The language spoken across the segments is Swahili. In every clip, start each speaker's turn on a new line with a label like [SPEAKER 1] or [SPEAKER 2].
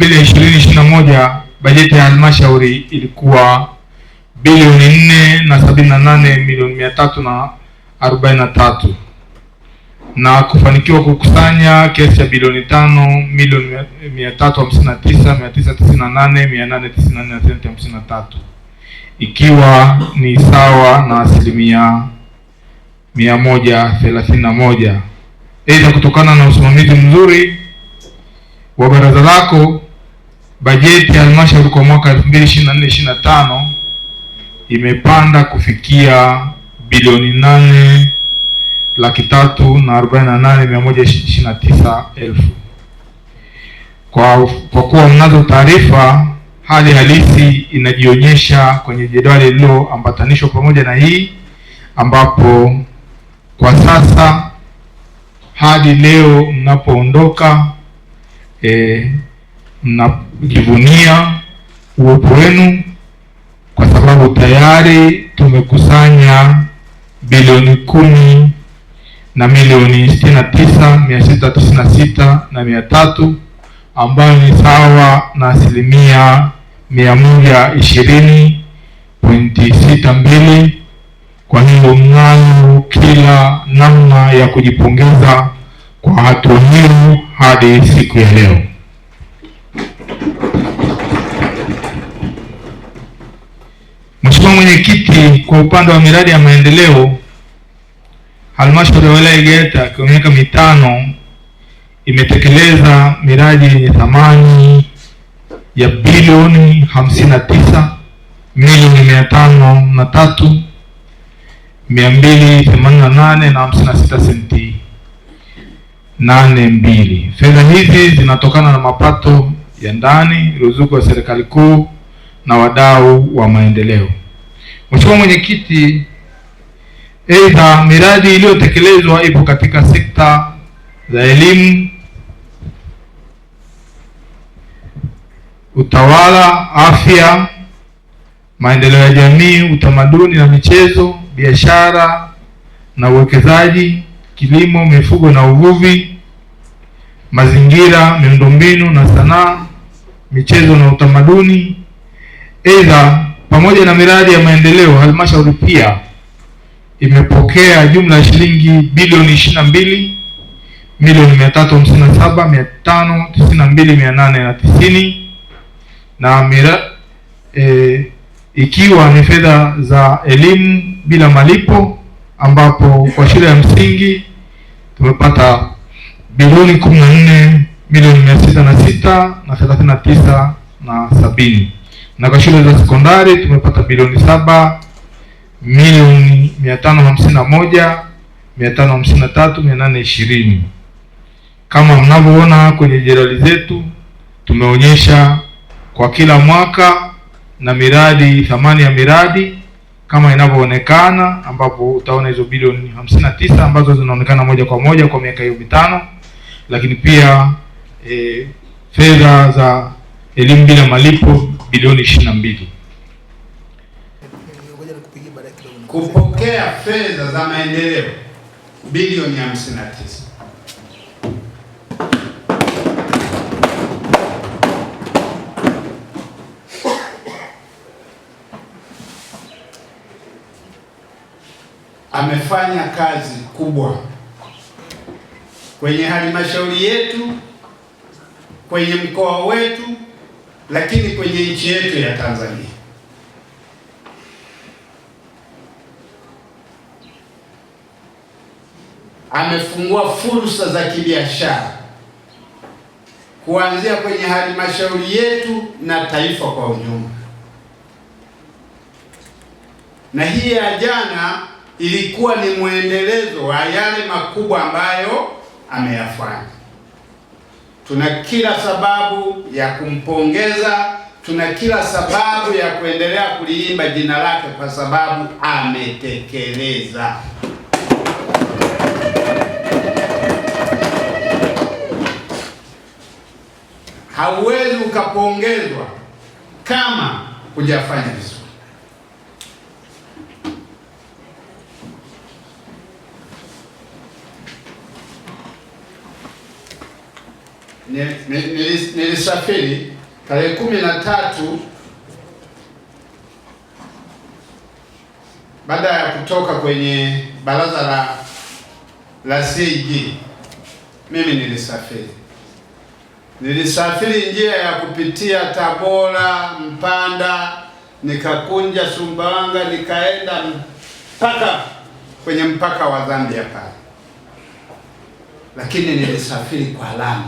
[SPEAKER 1] Bila ishirini ishirini na moja bajeti ya halmashauri ilikuwa bilioni nne na sabini na nane milioni mia tatu na arobaini na tatu na kufanikiwa kukusanya kiasi cha bilioni tano milioni mia tatu hamsini na tisa mia tisa tisini na nane mia nane tisini na nne na senti hamsini na tatu ikiwa ni sawa na asilimia mia moja thelathini na moja. Aidha, kutokana na usimamizi mzuri wa baraza lako Bajeti ya halmashauri kwa mwaka 2024/2025 imepanda kufikia bilioni nane laki tatu na arobaini elfu. Kwa, kwa kuwa mnazo taarifa, hali halisi inajionyesha kwenye jedwali lililoambatanishwa pamoja na hii, ambapo kwa sasa hadi leo mnapoondoka eh, mnajivunia uwepo wenu kwa sababu tayari tumekusanya bilioni kumi na milioni sitini na tisa mia sita tisini na sita na mia tatu ambayo ni sawa na asilimia mia moja ishirini pointi sita mbili. Kwa hiyo mnayo kila namna ya kujipongeza kwa hatua hiyo hadi siku ya leo. mwenyekiti kwa upande wa miradi ya maendeleo, halmashauri ya wilaya Geita kwa miaka mitano imetekeleza miradi yenye thamani ya bilioni hamsini na tisa milioni mia tano na tatu mia mbili themanini na nane na hamsini na sita senti nane mbili. Fedha hizi zinatokana na mapato ya ndani, ruzuku ya serikali kuu na wadau wa maendeleo. Mheshimiwa Mwenyekiti, aidha miradi iliyotekelezwa ipo katika sekta za elimu, utawala, afya, maendeleo ya jamii, utamaduni na michezo, biashara na uwekezaji, kilimo, mifugo na uvuvi, mazingira, miundombinu na sanaa, michezo na utamaduni. Aidha, pamoja na miradi ya maendeleo, halmashauri pia imepokea jumla ya shilingi bilioni 22 na mbili milioni mia tatu na saba mia tano mbili mia nane na tisini mira, e, ikiwa ni fedha za elimu bila malipo ambapo kwa shule ya msingi tumepata bilioni kumi na nne milioni mia sita na sita na thelathini na tisa na sabini na kwa shule za sekondari tumepata bilioni saba milioni mia tano hamsini na moja mia tano hamsini na tatu mia nane ishirini. Kama mnavyoona kwenye jedwali zetu tumeonyesha kwa kila mwaka na miradi, thamani ya miradi kama inavyoonekana, ambapo utaona hizo bilioni hamsini na tisa ambazo zinaonekana moja kwa moja kwa miaka hiyo mitano, lakini pia e, fedha za elimu bila malipo bilioni 22
[SPEAKER 2] kupokea fedha za maendeleo bilioni 59 amefanya kazi kubwa kwenye halmashauri yetu, kwenye mkoa wetu lakini kwenye nchi yetu ya Tanzania amefungua fursa za kibiashara kuanzia kwenye halmashauri yetu na taifa kwa ujumla. Na hii ya jana ilikuwa ni mwendelezo wa yale makubwa ambayo ameyafanya. Tuna kila sababu ya kumpongeza, tuna kila sababu ya kuendelea kuliimba jina lake kwa sababu ametekeleza. Hauwezi ukapongezwa kama hujafanya vizuri. nilisafiri tarehe kumi na tatu baada ya kutoka kwenye baraza la la CG, mimi nilisafiri nilisafiri njia ya kupitia Tabora, Mpanda, nikakunja Sumbawanga, nikaenda mpaka kwenye mpaka wa Zambia pale, lakini nilisafiri kwa lami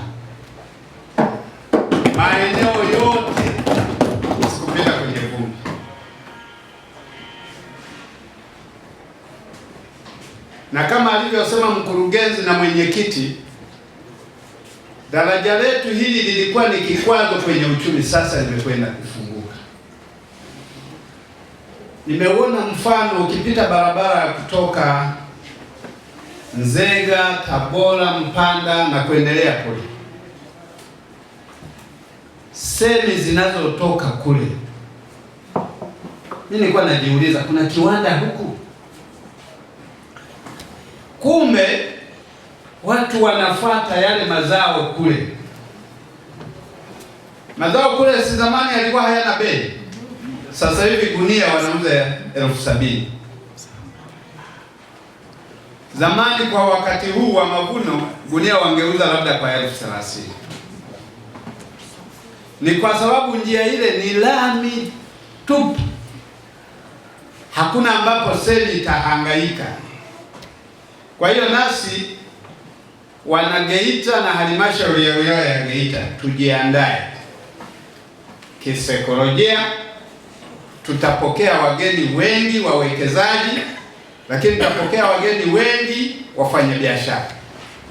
[SPEAKER 2] maeneo yote sikupita kwenye vumbi. Na kama alivyosema mkurugenzi na mwenyekiti, daraja letu hili lilikuwa ni kikwazo kwenye uchumi, sasa limekwenda kufunguka. Nimeuona mfano ukipita barabara ya kutoka Nzega, Tabora, Mpanda na kuendelea kule semi zinazotoka kule. Mimi nilikuwa najiuliza kuna kiwanda huku, kumbe watu wanafuata yale mazao kule. Mazao kule si zamani yalikuwa hayana bei, sasa hivi gunia wanauza elfu sabini. Zamani kwa wakati huu wa mavuno gunia wangeuza labda kwa elfu thelathini ni kwa sababu njia ile ni lami tupu, hakuna ambapo seli itahangaika. Kwa hiyo nasi wanageita na halmashauri ya wilaya ya Geita tujiandae kisaikolojia. Tutapokea wageni wengi wawekezaji, lakini tutapokea wageni wengi wafanyabiashara.